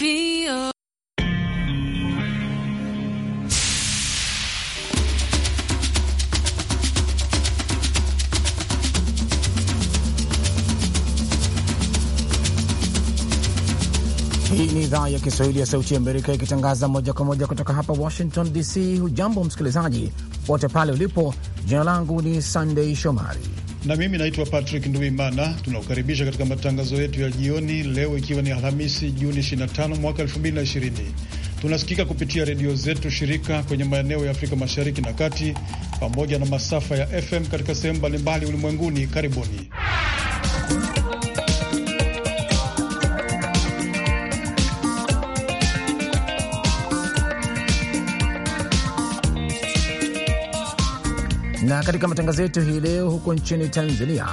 Hii ni idhaa ya Kiswahili ya Sauti ya Amerika ikitangaza moja kwa moja kutoka hapa Washington DC. Hujambo msikilizaji, popote pale ulipo. Jina langu ni Sandei Shomari na mimi naitwa Patrick Nduimana. Tunakukaribisha katika matangazo yetu ya jioni leo, ikiwa ni Alhamisi Juni 25 mwaka 2020. Tunasikika kupitia redio zetu shirika kwenye maeneo ya Afrika Mashariki na Kati, pamoja na masafa ya FM katika sehemu mbalimbali ulimwenguni. Karibuni. Na katika matangazo yetu hii leo, huko nchini Tanzania,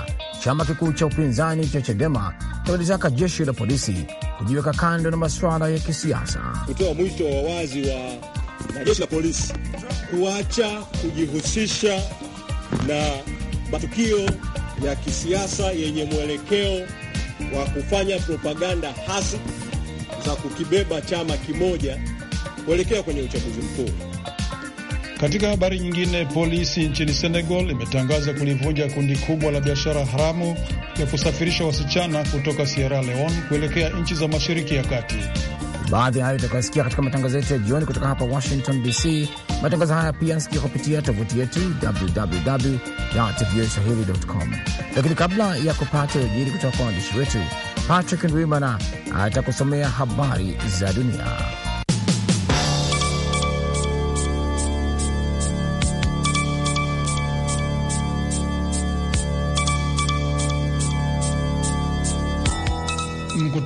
chama kikuu cha upinzani cha Chadema kinalitaka jeshi la polisi kujiweka kando na masuala ya kisiasa, kutoa mwito wa wazi wa jeshi la polisi kuacha kujihusisha na matukio ya kisiasa yenye mwelekeo wa kufanya propaganda hasi za kukibeba chama kimoja kuelekea kwenye uchaguzi mkuu. Katika habari nyingine, polisi nchini Senegal imetangaza kulivunja kundi kubwa la biashara haramu ya kusafirisha wasichana kutoka Sierra Leone kuelekea nchi za Mashariki ya Kati. Baadhi ya hayo itakayosikia katika matangazo yetu ya jioni kutoka hapa Washington DC. Matangazo haya pia nasikia kupitia tovuti yetu www Lakini kabla ya kupata ujiri kutoka kwa waandishi wetu, Patrick Ndwimana atakusomea habari za dunia.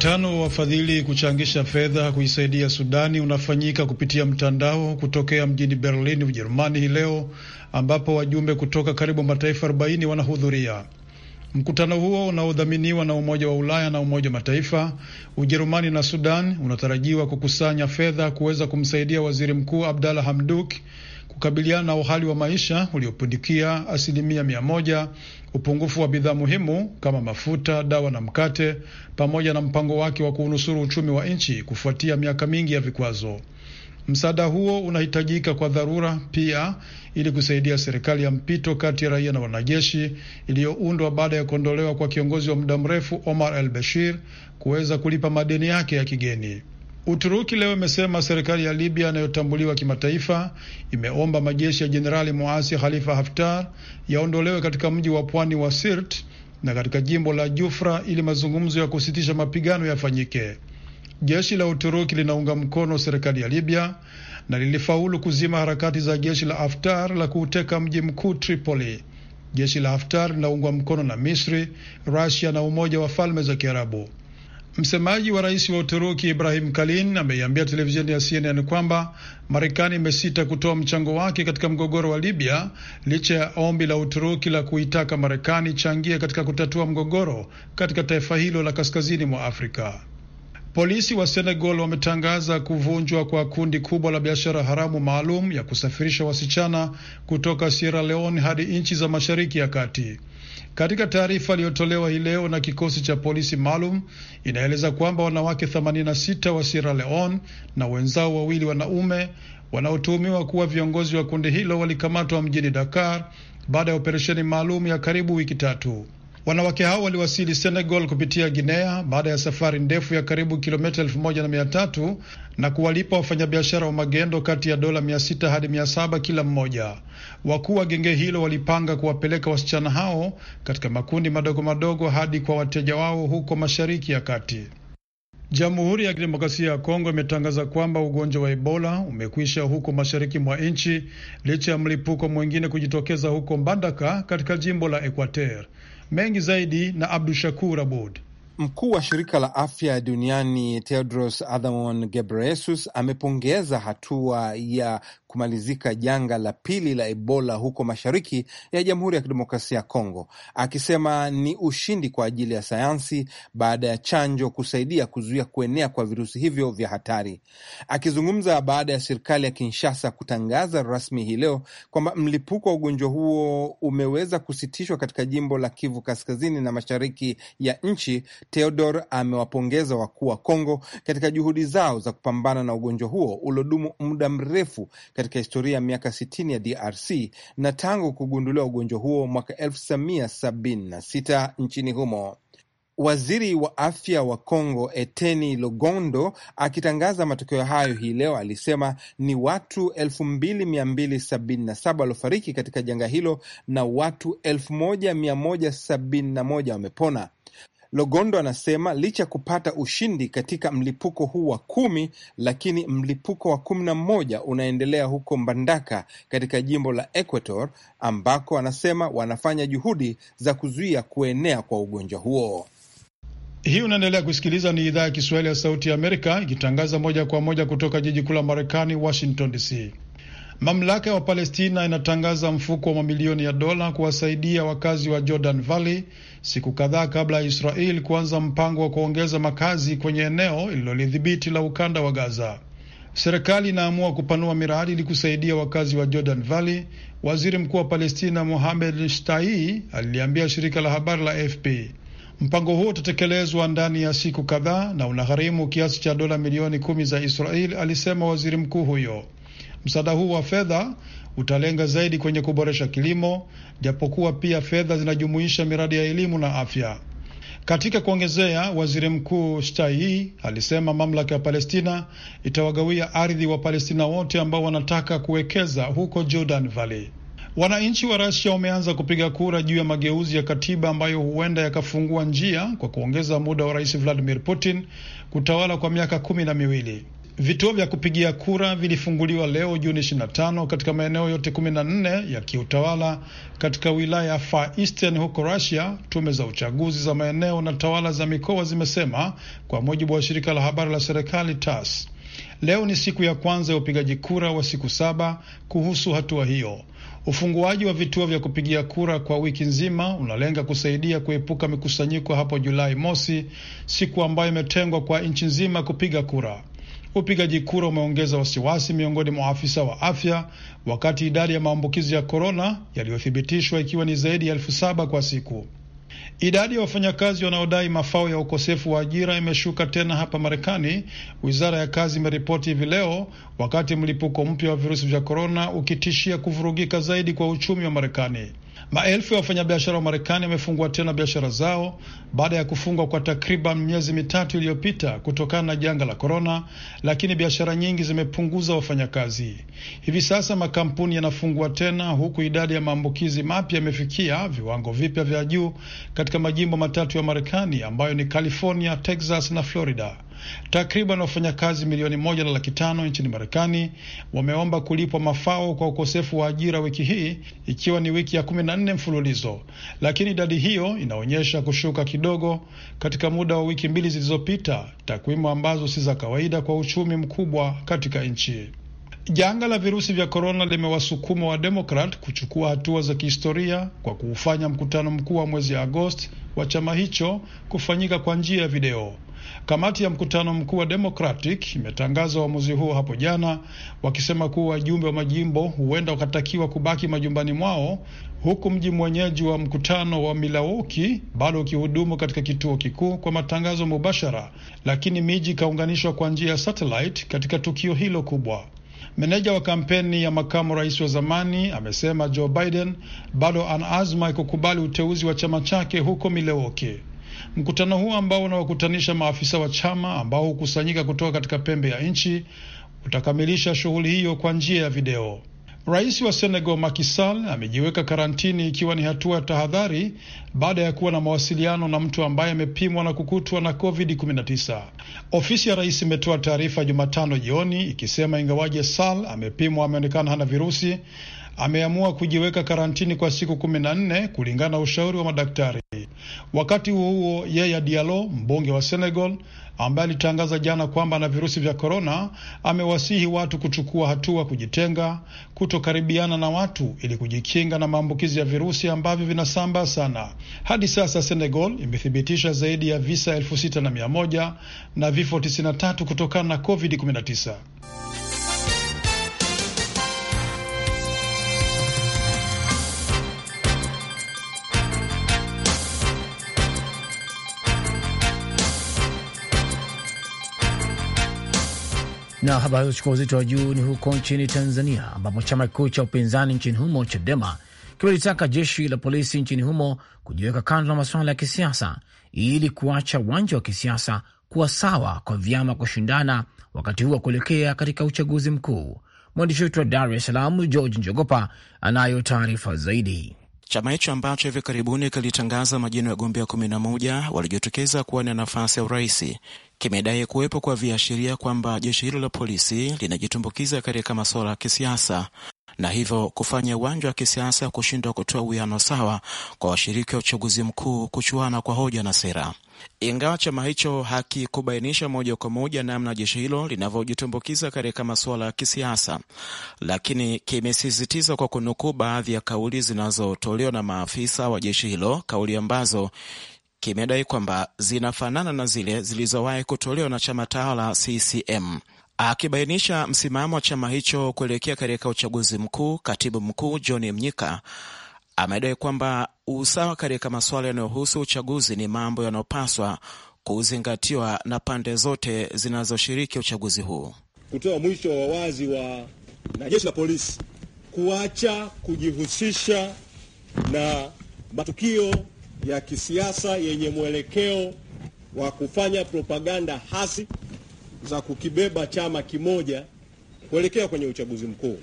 Mkutano wa wafadhili kuchangisha fedha kuisaidia Sudani unafanyika kupitia mtandao kutokea mjini Berlin, Ujerumani hii leo ambapo wajumbe kutoka karibu mataifa 40 wanahudhuria. Mkutano huo unaodhaminiwa na Umoja wa Ulaya na Umoja wa Mataifa, Ujerumani na Sudan unatarajiwa kukusanya fedha kuweza kumsaidia Waziri Mkuu Abdalla Hamduk kukabiliana na uhali wa maisha uliopindukia asilimia mia moja upungufu wa bidhaa muhimu kama mafuta, dawa na mkate, pamoja na mpango wake wa kuunusuru uchumi wa nchi kufuatia miaka mingi ya vikwazo. Msaada huo unahitajika kwa dharura pia ili kusaidia serikali ya mpito kati ya raia na wanajeshi iliyoundwa baada ya kuondolewa kwa kiongozi wa muda mrefu Omar al Bashir kuweza kulipa madeni yake ya kigeni. Uturuki leo imesema serikali ya Libya inayotambuliwa kimataifa imeomba majeshi ya jenerali muasi Khalifa Haftar yaondolewe katika mji wa pwani wa Sirt na katika jimbo la Jufra ili mazungumzo ya kusitisha mapigano yafanyike. Jeshi la Uturuki linaunga mkono serikali ya Libya na lilifaulu kuzima harakati za jeshi la Haftar la kuuteka mji mkuu Tripoli. Jeshi la Haftar linaungwa mkono na Misri, Rusia na Umoja wa Falme za Kiarabu. Msemaji wa rais wa Uturuki Ibrahim Kalin ameiambia televisheni ya CNN kwamba Marekani imesita kutoa mchango wake katika mgogoro wa Libya licha ya ombi la Uturuki la kuitaka Marekani changie katika kutatua mgogoro katika taifa hilo la kaskazini mwa Afrika. Polisi wa Senegal wametangaza kuvunjwa kwa kundi kubwa la biashara haramu maalum ya kusafirisha wasichana kutoka Sierra Leone hadi nchi za Mashariki ya Kati. Katika taarifa iliyotolewa hii leo na kikosi cha polisi maalum inaeleza kwamba wanawake 86 wa Sierra Leone na wenzao wawili wanaume wanaotuhumiwa kuwa viongozi wa kundi hilo walikamatwa mjini Dakar baada ya operesheni maalum ya karibu wiki tatu. Wanawake hao waliwasili Senegal kupitia Guinea baada ya safari ndefu ya karibu kilomita elfu moja na mia tatu na kuwalipa wafanyabiashara wa magendo kati ya dola mia sita hadi mia saba kila mmoja. Wakuu wa genge hilo walipanga kuwapeleka wasichana hao katika makundi madogo madogo hadi kwa wateja wao huko Mashariki ya Kati. Jamhuri ya Kidemokrasia ya Kongo imetangaza kwamba ugonjwa wa Ebola umekwisha huko mashariki mwa nchi licha ya mlipuko mwingine kujitokeza huko Mbandaka katika jimbo la Equateur mengi zaidi na Abdu Shakur Abud. Mkuu wa shirika la afya duniani Tedros Adhanom Ghebreyesus amepongeza hatua ya kumalizika janga la pili la Ebola huko mashariki ya Jamhuri ya Kidemokrasia ya Kongo, akisema ni ushindi kwa ajili ya sayansi baada ya chanjo kusaidia kuzuia kuenea kwa virusi hivyo vya hatari. Akizungumza baada ya serikali ya Kinshasa kutangaza rasmi hii leo kwamba mlipuko wa ugonjwa huo umeweza kusitishwa katika jimbo la Kivu Kaskazini na mashariki ya nchi, teodor amewapongeza wakuu wa Kongo katika juhudi zao za kupambana na ugonjwa huo uliodumu muda mrefu katika historia ya miaka 60 ya DRC na tangu kugunduliwa ugonjwa huo mwaka 1976 nchini humo. Waziri wa afya wa congo Eteni Logondo akitangaza matokeo hayo hii leo alisema ni watu 2277 waliofariki katika janga hilo na watu 1171 wamepona Logondo anasema licha ya kupata ushindi katika mlipuko huu wa kumi, lakini mlipuko wa kumi na mmoja unaendelea huko Mbandaka katika jimbo la Equator, ambako anasema wanafanya juhudi za kuzuia kuenea kwa ugonjwa huo. Hii unaendelea kusikiliza, ni idhaa ya Kiswahili ya Sauti ya Amerika ikitangaza moja kwa moja kutoka jiji kuu la Marekani, Washington DC. Mamlaka ya Wapalestina inatangaza mfuko wa mamilioni ya dola kuwasaidia wakazi wa Jordan Valley siku kadhaa kabla ya Israel kuanza mpango wa kuongeza makazi kwenye eneo ililolidhibiti la ukanda wa Gaza. Serikali inaamua kupanua miradi ili kusaidia wakazi wa Jordan Valley, waziri mkuu wa Palestina Mohamed shtai aliliambia shirika la habari la AFP. Mpango huo utatekelezwa ndani ya siku kadhaa na unagharimu kiasi cha dola milioni kumi za Israel, alisema waziri mkuu huyo. Msaada huu wa fedha utalenga zaidi kwenye kuboresha kilimo, japokuwa pia fedha zinajumuisha miradi ya elimu na afya. Katika kuongezea, waziri mkuu stai alisema mamlaka ya Palestina itawagawia ardhi wa palestina wote ambao wanataka kuwekeza huko Jordan Valley. Wananchi wa Rasia wameanza kupiga kura juu ya mageuzi ya katiba ambayo huenda yakafungua njia kwa kuongeza muda wa rais Vladimir Putin kutawala kwa miaka kumi na miwili. Vituo vya kupigia kura vilifunguliwa leo Juni 25 katika maeneo yote 14 ya kiutawala katika wilaya ya Far Eastern huko Russia, tume za uchaguzi za maeneo na tawala za mikoa zimesema, kwa mujibu wa shirika la habari la serikali TASS. Leo ni siku ya kwanza ya upigaji kura wa siku saba kuhusu hatua hiyo. Ufunguaji wa vituo vya kupigia kura kwa wiki nzima unalenga kusaidia kuepuka mikusanyiko hapo Julai mosi, siku ambayo imetengwa kwa nchi nzima kupiga kura. Upigaji kura umeongeza wasiwasi miongoni mwa afisa wa afya, wakati idadi ya maambukizi ya korona yaliyothibitishwa ikiwa ni zaidi ya elfu saba kwa siku. Idadi ya wafanyakazi wanaodai mafao ya ukosefu wa ajira imeshuka tena hapa Marekani, wizara ya kazi imeripoti hivi leo, wakati mlipuko mpya wa virusi vya korona ukitishia kuvurugika zaidi kwa uchumi wa Marekani. Maelfu ya wafanyabiashara wa Marekani wamefungua tena biashara zao baada ya kufungwa kwa takriban miezi mitatu iliyopita kutokana na janga la korona, lakini biashara nyingi zimepunguza wafanyakazi. Hivi sasa makampuni yanafungua tena, huku idadi ya maambukizi mapya yamefikia viwango vipya vya juu katika majimbo matatu ya Marekani ambayo ni California, Texas na Florida. Takriban wafanyakazi milioni moja na laki tano nchini Marekani wameomba kulipwa mafao kwa ukosefu wa ajira wiki hii, ikiwa ni wiki ya kumi na nne mfululizo, lakini idadi hiyo inaonyesha kushuka kidogo katika muda wa wiki mbili zilizopita, takwimu ambazo si za kawaida kwa uchumi mkubwa katika nchi. Janga la virusi vya korona limewasukuma Wademokrat kuchukua hatua za kihistoria kwa kuufanya mkutano mkuu wa mwezi Agosti wa chama hicho kufanyika kwa njia ya video. Kamati ya mkutano mkuu wa Democratic imetangaza uamuzi huo hapo jana, wakisema kuwa wajumbe wa majimbo huenda wakatakiwa kubaki majumbani mwao, huku mji mwenyeji wa mkutano wa Milwaukee bado ukihudumu katika kituo kikuu kwa matangazo mubashara, lakini miji ikaunganishwa kwa njia ya satellite katika tukio hilo kubwa. Meneja wa kampeni ya makamu rais wa zamani amesema Joe Biden bado ana azma ya kukubali uteuzi wa chama chake huko Milwaukee. Mkutano huo ambao unawakutanisha maafisa wa chama ambao hukusanyika kutoka katika pembe ya nchi utakamilisha shughuli hiyo kwa njia ya video. Rais wa Senegal Macky Sall amejiweka karantini ikiwa ni hatua ya tahadhari baada ya kuwa na mawasiliano na mtu ambaye amepimwa na kukutwa na COVID-19. Ofisi ya rais imetoa taarifa Jumatano jioni ikisema ingawaje Sall amepimwa ameonekana hana virusi, ameamua kujiweka karantini kwa siku kumi na nne kulingana na ushauri wa madaktari. Wakati huo huo, Yaya Diallo, mbunge wa Senegal ambaye alitangaza jana kwamba ana virusi vya korona, amewasihi watu kuchukua hatua kujitenga, kutokaribiana na watu ili kujikinga na maambukizi ya virusi ambavyo vinasambaa sana. Hadi sasa Senegal imethibitisha zaidi ya visa elfu sita na mia moja na vifo 93 kutokana na COVID-19. Na habari zilizochukua uzito wa juu ni huko nchini Tanzania, ambapo chama kikuu cha upinzani nchini humo CHADEMA kimelitaka jeshi la polisi nchini humo kujiweka kando na masuala ya kisiasa ili kuacha uwanja wa kisiasa kuwa sawa kwa vyama kushindana wakati huu wa kuelekea katika uchaguzi mkuu. Mwandishi wetu wa Dar es Salaam, George Njogopa, anayo taarifa zaidi. Chama hicho ambacho hivi karibuni kilitangaza majina ya wagombea 11 walijitokeza kuwania nafasi ya urais kimedai kuwepo kwa viashiria kwamba jeshi hilo la polisi linajitumbukiza katika masuala ya kisiasa na hivyo kufanya uwanja wa kisiasa kushindwa kutoa uwiano sawa kwa washiriki wa uchaguzi mkuu kuchuana kwa hoja na sera. Ingawa chama hicho hakikubainisha moja kwa moja namna jeshi hilo linavyojitumbukiza katika masuala ya kisiasa, lakini kimesisitiza kwa kunukuu baadhi ya kauli zinazotolewa na maafisa wa jeshi hilo, kauli ambazo kimedai kwamba zinafanana na zile zilizowahi kutolewa na chama tawala CCM. Akibainisha msimamo wa chama hicho kuelekea katika uchaguzi mkuu, katibu mkuu John Mnyika amedai kwamba usawa katika masuala yanayohusu uchaguzi ni mambo yanayopaswa kuzingatiwa na pande zote zinazoshiriki uchaguzi huu. Kutoa mwisho wa wazi wa na jeshi la polisi kuacha kujihusisha na matukio ya kisiasa yenye mwelekeo wa kufanya propaganda hasi za kukibeba chama kimoja kuelekea kwenye uchaguzi mkuu.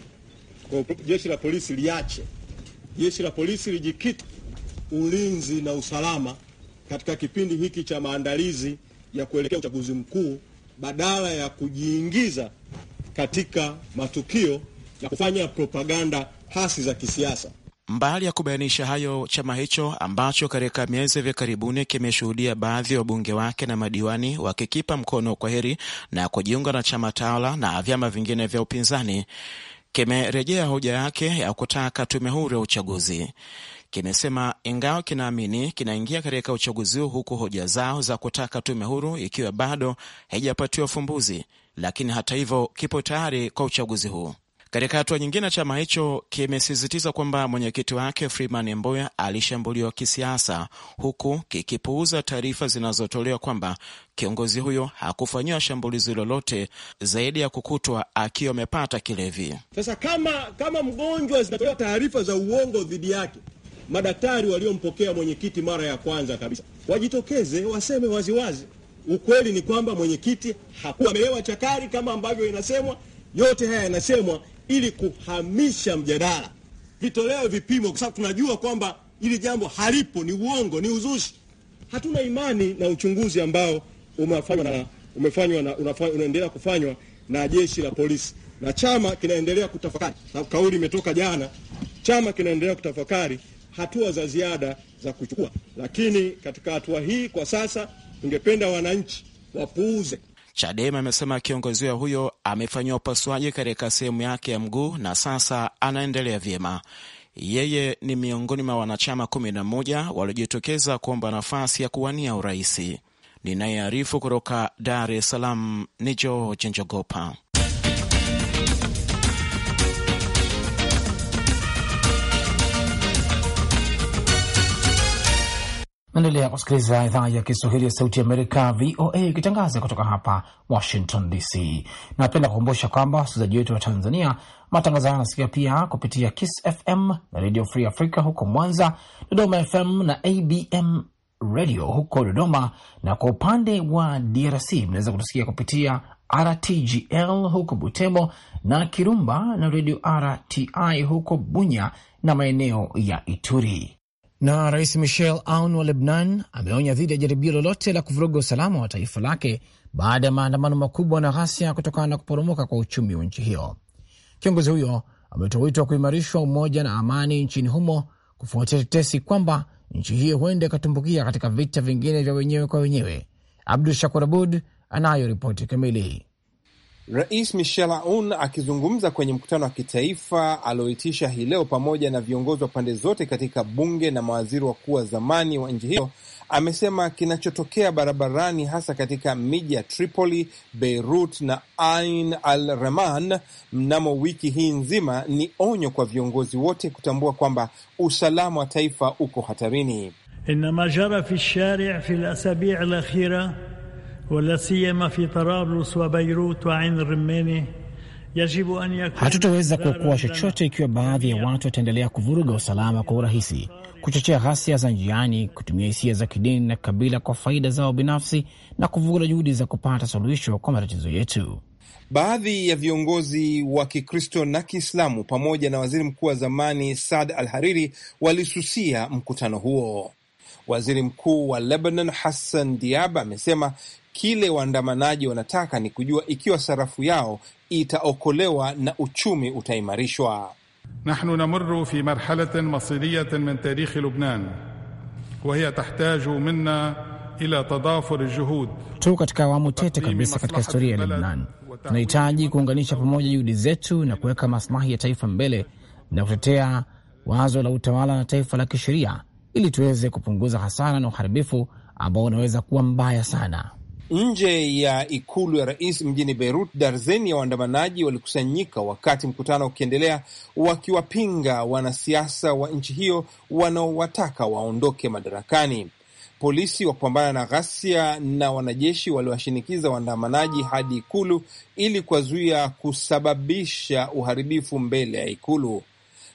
Kwa jeshi la polisi liache, jeshi la polisi lijikite ulinzi na usalama katika kipindi hiki cha maandalizi ya kuelekea uchaguzi mkuu badala ya kujiingiza katika matukio ya kufanya propaganda hasi za kisiasa. Mbali ya kubainisha hayo, chama hicho ambacho katika miezi vya karibuni kimeshuhudia baadhi ya wabunge wake na madiwani wakikipa mkono kwa heri na kujiunga na chama tawala na vyama vingine vya upinzani kimerejea hoja yake ya kutaka tume huru ya uchaguzi. Kimesema ingawa kinaamini kinaingia katika uchaguzi huu huku hoja zao za kutaka tume huru ikiwa bado haijapatiwa ufumbuzi, lakini hata hivyo kipo tayari kwa uchaguzi huu. Katika hatua nyingine, chama hicho kimesisitiza kwamba mwenyekiti wake Freeman Mboya alishambuliwa kisiasa, huku kikipuuza taarifa zinazotolewa kwamba kiongozi huyo hakufanyiwa shambulizi lolote zaidi ya kukutwa akiwa amepata kilevi. Sasa kama, kama mgonjwa zinatolewa taarifa za uongo dhidi yake, madaktari waliompokea mwenyekiti mara ya kwanza kabisa wajitokeze waseme waziwazi ukweli ni kwamba mwenyekiti hakuwa amelewa chakari kama ambavyo inasemwa. Yote haya yanasemwa ili kuhamisha mjadala, vitolewe vipimo, kwa sababu tunajua kwamba ili jambo halipo, ni uongo, ni uzushi. Hatuna imani na uchunguzi ambao umefanywa na, umefanywa na, unaendelea kufanywa na jeshi la polisi, na chama kinaendelea kutafakari, na kauli imetoka jana. Chama kinaendelea kutafakari hatua za ziada za kuchukua, lakini katika hatua hii kwa sasa tungependa wananchi wapuuze Chadema amesema kiongozi huyo amefanyiwa upasuaji katika sehemu yake ya mguu na sasa anaendelea vyema. Yeye ni miongoni mwa wanachama 11 waliojitokeza kuomba nafasi ya kuwania urahisi Ninayearifu kutoka Dar es Salaam ni George Njogopa. Naendelea kusikiliza idhaa ya Kiswahili ya Sauti ya Amerika, VOA, ikitangaza kutoka hapa Washington DC. Napenda kukumbusha kwamba wasikilizaji wetu wa Tanzania, matangazo haya yanasikia pia kupitia Kiss FM na Radio Free Africa huko Mwanza, Dodoma FM na ABM Radio huko Dodoma, na kwa upande wa DRC mnaweza kutusikia kupitia RTGL huko Butembo na Kirumba na Radio RTI huko Bunya na maeneo ya Ituri. Na Rais Michel Aoun wa Lebnan ameonya dhidi ya jaribio lolote la kuvuruga usalama wa taifa lake baada ya maandamano makubwa na ghasia kutokana na kuporomoka kwa uchumi wa nchi hiyo. Kiongozi huyo ametoa wito wa kuimarishwa umoja na amani nchini humo kufuatia tetesi kwamba nchi hiyo huenda ikatumbukia katika vita vingine vya wenyewe kwa wenyewe. Abdu Shakur Abud anayo ripoti kamili. Rais Michel Aoun akizungumza kwenye mkutano wa kitaifa alioitisha hii leo pamoja na viongozi wa pande zote katika bunge na mawaziri wakuu wa zamani wa nchi hiyo amesema kinachotokea barabarani hasa katika miji ya Tripoli, Beirut na Ain al reman mnamo wiki hii nzima ni onyo kwa viongozi wote kutambua kwamba usalama wa taifa uko hatarini. inma jara fi lshari fi lasabii lakhira Hatutaweza kuokoa chochote ikiwa baadhi ya watu wataendelea kuvuruga usalama kwa urahisi, kuchochea ghasia za njiani, kutumia hisia za kidini na kabila kwa faida zao binafsi, na kuvuruga juhudi za kupata suluhisho kwa matatizo yetu. Baadhi ya viongozi wa Kikristo na Kiislamu pamoja na waziri mkuu wa zamani Saad Al Hariri walisusia mkutano huo. Waziri mkuu wa Lebanon Hassan Diab amesema Kile waandamanaji wanataka ni kujua ikiwa sarafu yao itaokolewa na uchumi utaimarishwa. nahnu namuru fi marhalatin masiriyatin min tarikhi Lubnan wa hiya tahtaju minna ila tadafur juhud tu katika awamu tete kabisa katika historia ya Lubnan. Tunahitaji kuunganisha pamoja juhudi zetu na kuweka maslahi ya taifa mbele na kutetea wazo la utawala na taifa la kisheria, ili tuweze kupunguza hasara na uharibifu ambao unaweza kuwa mbaya sana. Nje ya ikulu ya rais mjini Beirut, darzeni ya waandamanaji walikusanyika wakati mkutano ukiendelea, wakiwapinga wanasiasa wa nchi hiyo wanaowataka waondoke madarakani. Polisi wa kupambana na ghasia na wanajeshi waliwashinikiza waandamanaji hadi ikulu ili kuwazuia kusababisha uharibifu mbele ya ikulu.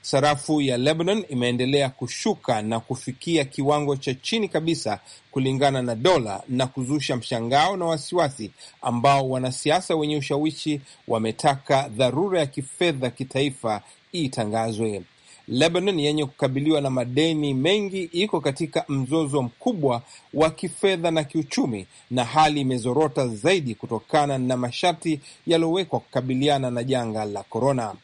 Sarafu ya Lebanon imeendelea kushuka na kufikia kiwango cha chini kabisa kulingana na dola na kuzusha mshangao na wasiwasi ambao wanasiasa wenye ushawishi wametaka dharura ya kifedha kitaifa itangazwe. Lebanon yenye kukabiliwa na madeni mengi iko katika mzozo mkubwa wa kifedha na kiuchumi, na hali imezorota zaidi kutokana na masharti yaliyowekwa kukabiliana na janga la korona.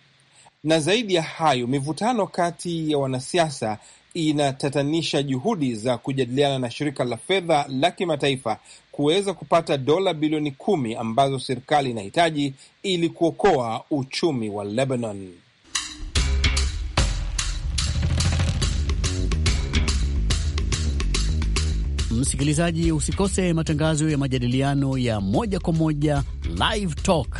Na zaidi ya hayo, mivutano kati ya wanasiasa inatatanisha juhudi za kujadiliana na shirika la fedha la kimataifa kuweza kupata dola bilioni kumi ambazo serikali inahitaji ili kuokoa uchumi wa Lebanon. Msikilizaji, usikose matangazo ya majadiliano ya moja kwa moja Live Talk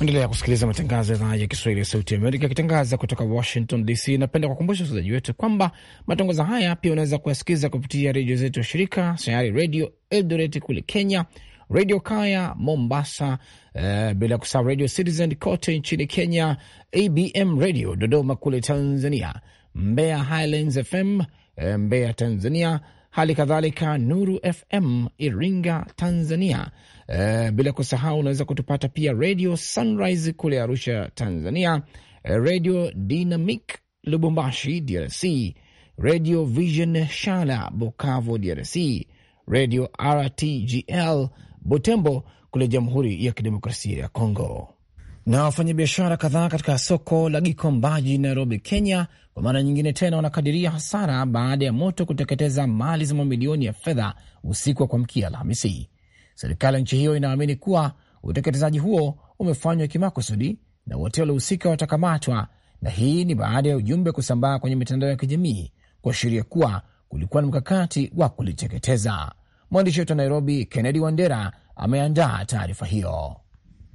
Endelea kusikiliza matangazo ya idhaa ya Kiswahili ya Sauti Amerika yakitangaza kutoka Washington DC. Napenda kukumbusha wasikilizaji wetu kwamba matangazo haya pia unaweza kuyasikiliza kupitia redio zetu ya shirika Sayari Redio Eldoret kule Kenya, Redio Kaya Mombasa, uh, bila kusahau Radio Citizen kote nchini Kenya, ABM Radio Dodoma kule Tanzania, Mbeya Highlands FM eh, Mbeya Tanzania, hali kadhalika Nuru FM Iringa Tanzania, Eh, bila kusahau unaweza kutupata pia Radio Sunrise kule Arusha, Tanzania, eh, Radio Dynamic Lubumbashi, DRC, Radio Vision Shala Bukavu, DRC, Radio RTGL Butembo kule Jamhuri ya Kidemokrasia ya Kongo. Na wafanyabiashara kadhaa katika soko la Gikomba jijini Nairobi, Kenya, kwa mara nyingine tena wanakadiria hasara baada ya moto kuteketeza mali za mamilioni ya fedha usiku wa kuamkia Alhamisi. Serikali ya nchi hiyo inaamini kuwa uteketezaji huo umefanywa kimakusudi na wote waliohusika watakamatwa, na hii ni baada ya ujumbe kusambaa kwenye mitandao ya kijamii kuashiria kuwa kulikuwa na mkakati wa kuliteketeza. Mwandishi wetu wa Nairobi, Kennedy Wandera, ameandaa taarifa hiyo.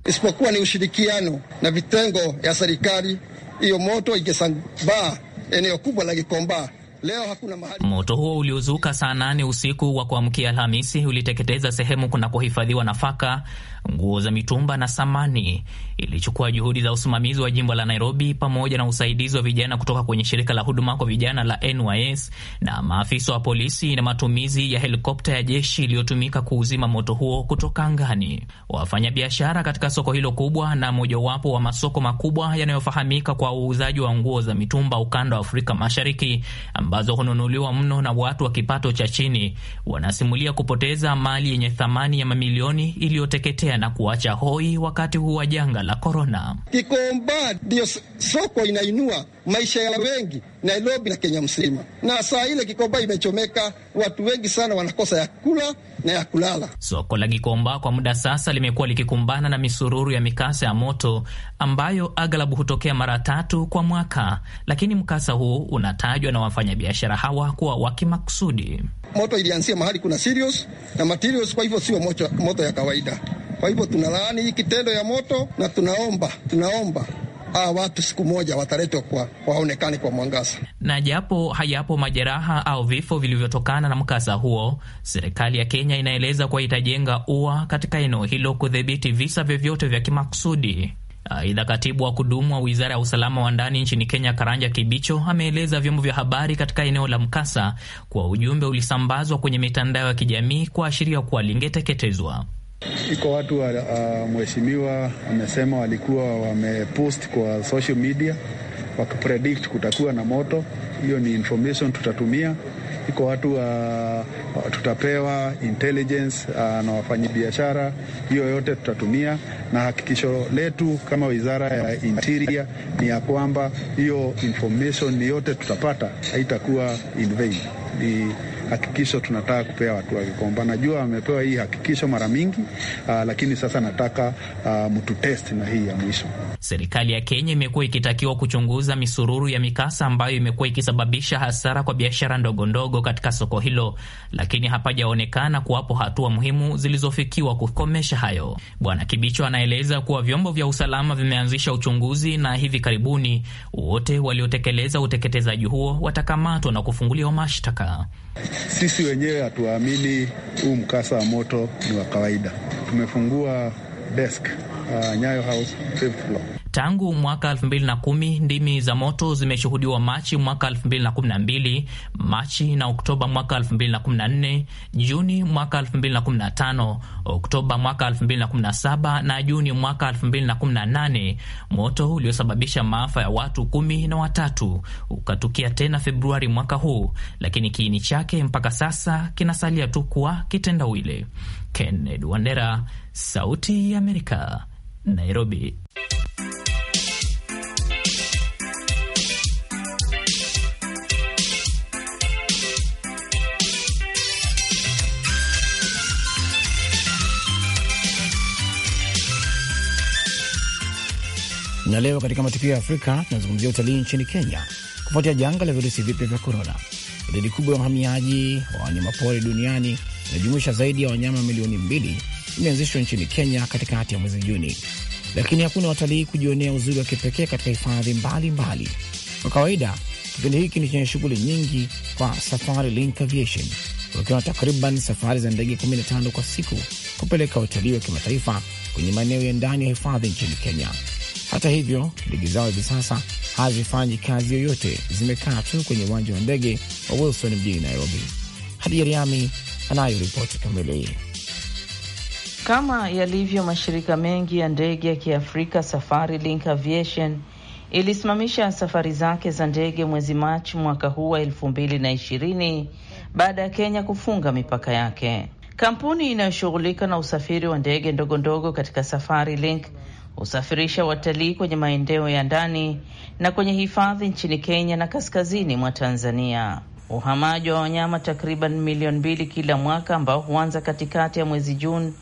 Isipokuwa ni ushirikiano na vitengo ya serikali, hiyo moto ikisambaa eneo kubwa la Gikomba Leo hakuna mahali. Moto huo uliozuka saa nane usiku wa kuamkia Alhamisi uliteketeza sehemu kunakohifadhiwa nafaka nguo za mitumba na samani. Ilichukua juhudi za usimamizi wa jimbo la Nairobi pamoja na usaidizi wa vijana kutoka kwenye shirika la huduma kwa vijana la NYS na maafisa wa polisi na matumizi ya helikopta ya jeshi iliyotumika kuuzima moto huo kutoka angani. Wafanyabiashara katika soko hilo kubwa na mojawapo wa masoko makubwa yanayofahamika kwa uuzaji wa nguo za mitumba ukanda wa Afrika Mashariki, ambazo hununuliwa mno na watu wa kipato cha chini, wanasimulia kupoteza mali yenye thamani ya mamilioni iliyoteketea kuendelea na kuacha hoi wakati huu wa janga la korona. Gikomba ndiyo soko inainua maisha ya wengi Nairobi na Kenya mzima, na saa ile Gikomba imechomeka, watu wengi sana wanakosa ya kula na ya kulala. Soko la Gikomba kwa muda sasa limekuwa likikumbana na misururu ya mikasa ya moto ambayo aghalabu hutokea mara tatu kwa mwaka, lakini mkasa huu unatajwa na wafanyabiashara hawa kuwa wa kimakusudi. Moto ilianzia mahali kuna serious na materials, kwa hivyo sio moto ya kawaida. Kwa hivyo tunalaani hii kitendo ya moto na tunaomba tunaomba hawa watu siku moja wataletwa kwa waonekane kwa mwangaza. Na japo hayapo majeraha au vifo vilivyotokana na mkasa huo, serikali ya Kenya inaeleza kuwa itajenga ua katika eneo hilo kudhibiti visa vyovyote vya kimakusudi. Aidha, katibu wa kudumu wa wizara ya usalama wa ndani nchini Kenya, Karanja Kibicho, ameeleza vyombo vya habari katika eneo la mkasa kwa ujumbe ulisambazwa kwenye mitandao ya kijamii kuashiria kuwa lingeteketezwa. Iko watu wa, uh, mheshimiwa amesema walikuwa wamepost kwa social media wakipredict kutakuwa na moto. Hiyo ni information tutatumia. Iko watu wa, tutapewa intelligence uh, na wafanyabiashara, hiyo yote tutatumia, na hakikisho letu kama wizara ya interior ni ya kwamba hiyo information yote tutapata haitakuwa in vain. Ni hakikisho tunataka kupea watu wa Gikomba. Najua wamepewa hii hakikisho mara mingi, uh, lakini sasa nataka uh, mtu test na hii ya mwisho. Serikali ya Kenya imekuwa ikitakiwa kuchunguza misururu ya mikasa ambayo imekuwa ikisababisha hasara kwa biashara ndogo ndogo katika soko hilo, lakini hapajaonekana kuwapo hatua muhimu zilizofikiwa kukomesha hayo. Bwana Kibicho anaeleza kuwa vyombo vya usalama vimeanzisha uchunguzi na hivi karibuni wote waliotekeleza uteketezaji huo watakamatwa na kufunguliwa mashtaka. Sisi wenyewe hatuwaamini huu mkasa wa moto ni wa kawaida. Tumefungua desk uh, Nyayo House fifth floor Tangu mwaka 2010 ndimi za moto zimeshuhudiwa Machi mwaka 2012, Machi na Oktoba mwaka 2014, Juni mwaka 2015, Oktoba mwaka 2017 na Juni mwaka 2018. Moto uliosababisha maafa ya watu kumi na watatu ukatukia tena Februari mwaka huu, lakini kiini chake mpaka sasa kinasalia tu kuwa kitendawili. Kennedy Wandera, Sauti ya Amerika, Nairobi na leo katika matukio ya Afrika tunazungumzia utalii nchini Kenya kufuatia janga la virusi vipya vya korona. Idadi kubwa ya wahamiaji wa wanyamapori duniani inajumuisha zaidi ya wanyama milioni mbili imeanzishwa nchini Kenya katikati ya mwezi Juni, lakini hakuna watalii kujionea uzuri wa kipekee katika hifadhi mbalimbali. Kwa kawaida kipindi hiki ni chenye shughuli nyingi kwa Safari Link Aviation, wakiwa na takriban safari za ndege 15 kwa siku kupeleka watalii wa kimataifa kwenye maeneo ya ndani ya hifadhi nchini Kenya. Hata hivyo, ndege zao hivi sasa hazifanyi kazi yoyote, zimekaa tu kwenye uwanja wa ndege wa Wilson mjini Nairobi. Hadi Yeriami anayo ripoti kamili. Kama yalivyo mashirika mengi ya ndege ya Kiafrika, Safari Link Aviation ilisimamisha safari zake za ndege mwezi Machi mwaka huu wa elfu mbili na ishirini baada ya Kenya kufunga mipaka yake. Kampuni inayoshughulika na usafiri wa ndege ndogo ndogo katika Safari Link husafirisha watalii kwenye maendeo ya ndani na kwenye hifadhi nchini Kenya na kaskazini mwa Tanzania. Uhamaji wa wanyama takriban milioni mbili kila mwaka ambao huanza katikati ya mwezi Juni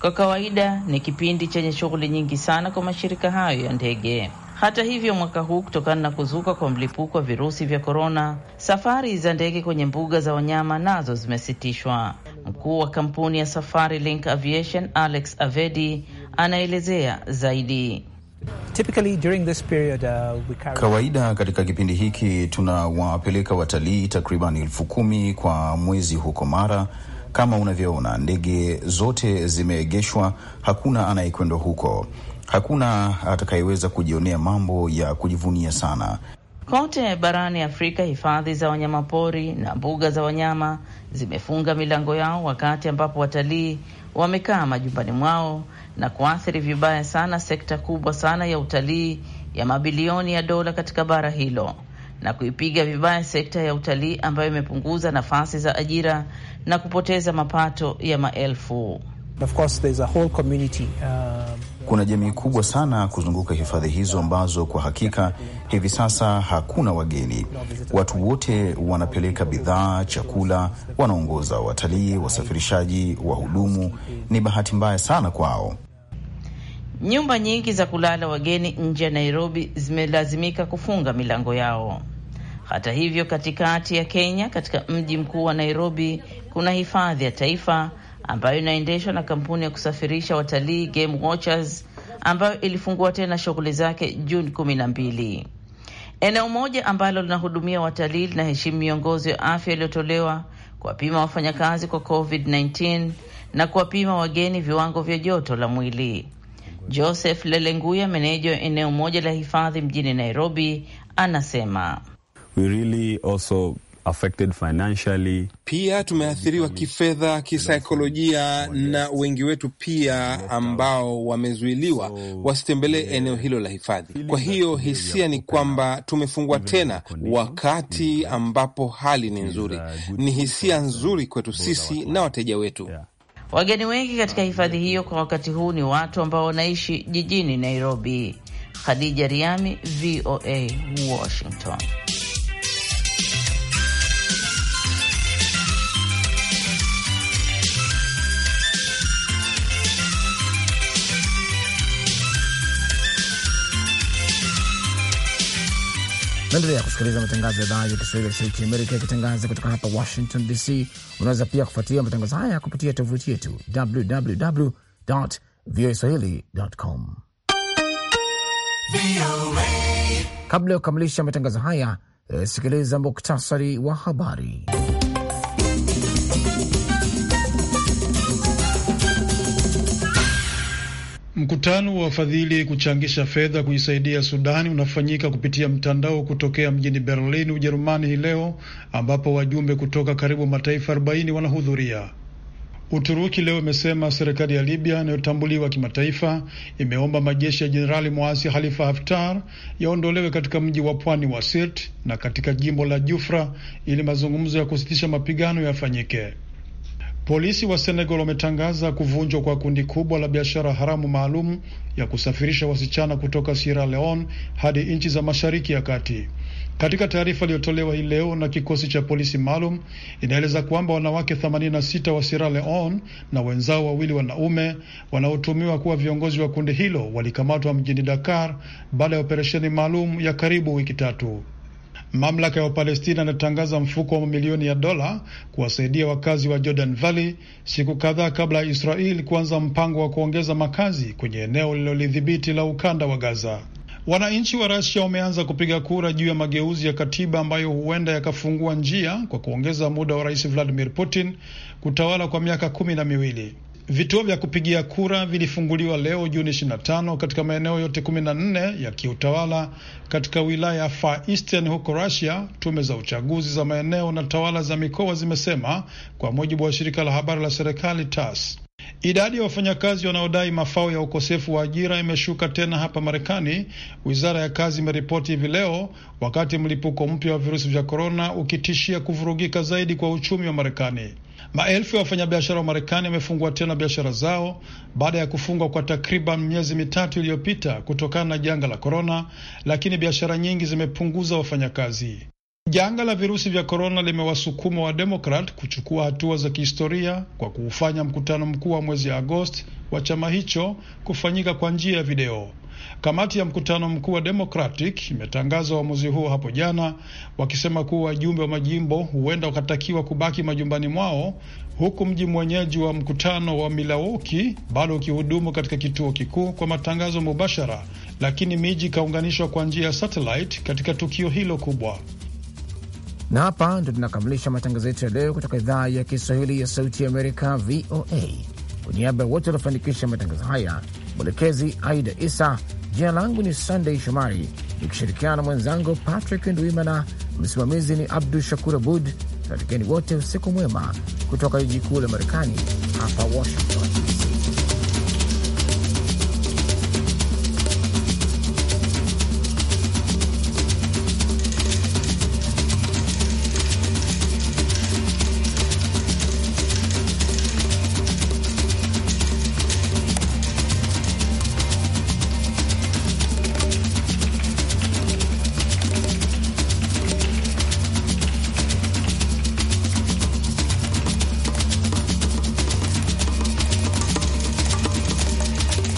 kwa kawaida ni kipindi chenye shughuli nyingi sana kwa mashirika hayo ya ndege. Hata hivyo, mwaka huu kutokana na kuzuka kwa mlipuko wa virusi vya korona, safari za ndege kwenye mbuga za wanyama nazo zimesitishwa. Mkuu wa kampuni ya Safari Link Aviation Alex Avedi anaelezea zaidi. During this period, uh, we carry... Kawaida katika kipindi hiki tunawapeleka watalii takriban elfu kumi kwa mwezi huko Mara kama unavyoona ndege zote zimeegeshwa, hakuna anayekwenda huko, hakuna atakayeweza kujionea mambo ya kujivunia sana. Kote barani Afrika, hifadhi za wanyamapori na mbuga za wanyama zimefunga milango yao, wakati ambapo watalii wamekaa majumbani mwao na kuathiri vibaya sana sekta kubwa sana ya utalii ya mabilioni ya dola katika bara hilo na kuipiga vibaya sekta ya utalii ambayo imepunguza nafasi za ajira na kupoteza mapato ya maelfu. Of course, there's a whole community, um... Kuna jamii kubwa sana kuzunguka hifadhi hizo ambazo kwa hakika hivi sasa hakuna wageni. Watu wote wanapeleka bidhaa, chakula, wanaongoza watalii, wasafirishaji, wahudumu. Ni bahati mbaya sana kwao. Nyumba nyingi za kulala wageni nje ya Nairobi zimelazimika kufunga milango yao. Hata hivyo, katikati ya Kenya, katika mji mkuu wa Nairobi, kuna hifadhi ya taifa ambayo inaendeshwa na kampuni ya kusafirisha watalii Game Watchers ambayo ilifungua tena shughuli zake Juni kumi na mbili. Eneo moja ambalo linahudumia watalii linaheshimu miongozo ya afya iliyotolewa kuwapima wafanyakazi kwa COVID-19 na kuwapima wageni viwango vya joto la mwili. Joseph Lelenguya, meneja wa eneo moja la hifadhi mjini Nairobi, anasema We really also affected financially. Pia tumeathiriwa kifedha, kisaikolojia, na wengi wetu pia ambao wamezuiliwa wasitembelee eneo hilo la hifadhi. Kwa hiyo hisia ni kwamba tumefungwa tena wakati ambapo hali ni nzuri. Ni hisia nzuri kwetu sisi na wateja wetu. Wageni wengi katika hifadhi hiyo kwa wakati huu ni watu ambao wanaishi jijini Nairobi. Khadija Riami, VOA, Washington. Naendelea kusikiliza matangazo ya idhaa ya Kiswahili ya Sauti Amerika yakitangaza kutoka hapa Washington DC. Unaweza pia kufuatilia matangazo haya kupitia tovuti yetu www voa swahili com. Kabla ya kukamilisha matangazo haya, eh, sikiliza muktasari wa habari. Mkutano wa wafadhili kuchangisha fedha kuisaidia Sudani unafanyika kupitia mtandao kutokea mjini Berlin, Ujerumani hii leo ambapo wajumbe kutoka karibu mataifa 40 wanahudhuria. Uturuki leo imesema serikali ya Libya inayotambuliwa kimataifa imeomba majeshi ya jenerali mwasi halifa Haftar yaondolewe katika mji wa pwani wa Sirt na katika jimbo la Jufra ili mazungumzo ya kusitisha mapigano yafanyike. Polisi wa Senegal wametangaza kuvunjwa kwa kundi kubwa la biashara haramu maalum ya kusafirisha wasichana kutoka Sierra Leone hadi nchi za Mashariki ya Kati. Katika taarifa iliyotolewa hii leo na kikosi cha polisi maalum, inaeleza kwamba wanawake 86 wa Sierra Leone na wenzao wawili wanaume wanaotumiwa kuwa viongozi wa kundi hilo walikamatwa mjini Dakar baada ya operesheni maalum ya karibu wiki tatu. Mamlaka ya Wapalestina inatangaza mfuko wa mamilioni ya dola kuwasaidia wakazi wa Jordan Valley siku kadhaa kabla ya Israel kuanza mpango wa kuongeza makazi kwenye eneo lilolidhibiti la ukanda wa Gaza. Wananchi wa Rasia wameanza kupiga kura juu ya mageuzi ya katiba ambayo huenda yakafungua njia kwa kuongeza muda wa rais Vladimir Putin kutawala kwa miaka kumi na miwili. Vituo vya kupigia kura vilifunguliwa leo Juni 25 katika maeneo yote 14 ya kiutawala katika wilaya ya Far Eastern huko Russia, tume za uchaguzi za maeneo na tawala za mikoa zimesema, kwa mujibu wa shirika la habari la serikali TASS. Idadi ya wafanyakazi wanaodai mafao ya ukosefu wa ajira imeshuka tena hapa Marekani, wizara ya kazi imeripoti hivi leo, wakati mlipuko mpya wa virusi vya korona ukitishia kuvurugika zaidi kwa uchumi wa Marekani. Maelfu ya wafanyabiashara wa Marekani wamefungua tena biashara zao baada ya kufungwa kwa takriban miezi mitatu iliyopita kutokana na janga la korona, lakini biashara nyingi zimepunguza wafanyakazi. Janga la virusi vya korona limewasukuma demokrat kuchukua hatua za kihistoria kwa kuufanya mkutano mkuu wa mwezi Agosti wa chama hicho kufanyika kwa njia ya video. Kamati ya mkutano mkuu wa Democratic imetangaza uamuzi huo hapo jana, wakisema kuwa wajumbe wa majimbo huenda wakatakiwa kubaki majumbani mwao, huku mji mwenyeji wa mkutano wa Milwaukee bado ukihudumu katika kituo kikuu kwa matangazo mubashara, lakini miji ikaunganishwa kwa njia ya satellite katika tukio hilo kubwa. Na hapa ndo tunakamilisha matangazo yetu ya leo kutoka idhaa ya Kiswahili ya Sauti ya Amerika, VOA. Kwa niaba ya wote waliofanikisha matangazo haya, mwelekezi Aida Isa, jina langu ni Sandey Shomari nikishirikiana na mwenzangu Patrick Ndwimana, msimamizi ni Abdu Shakur Abud. Natakieni wote usiku mwema kutoka jiji kuu la Marekani, hapa Washington.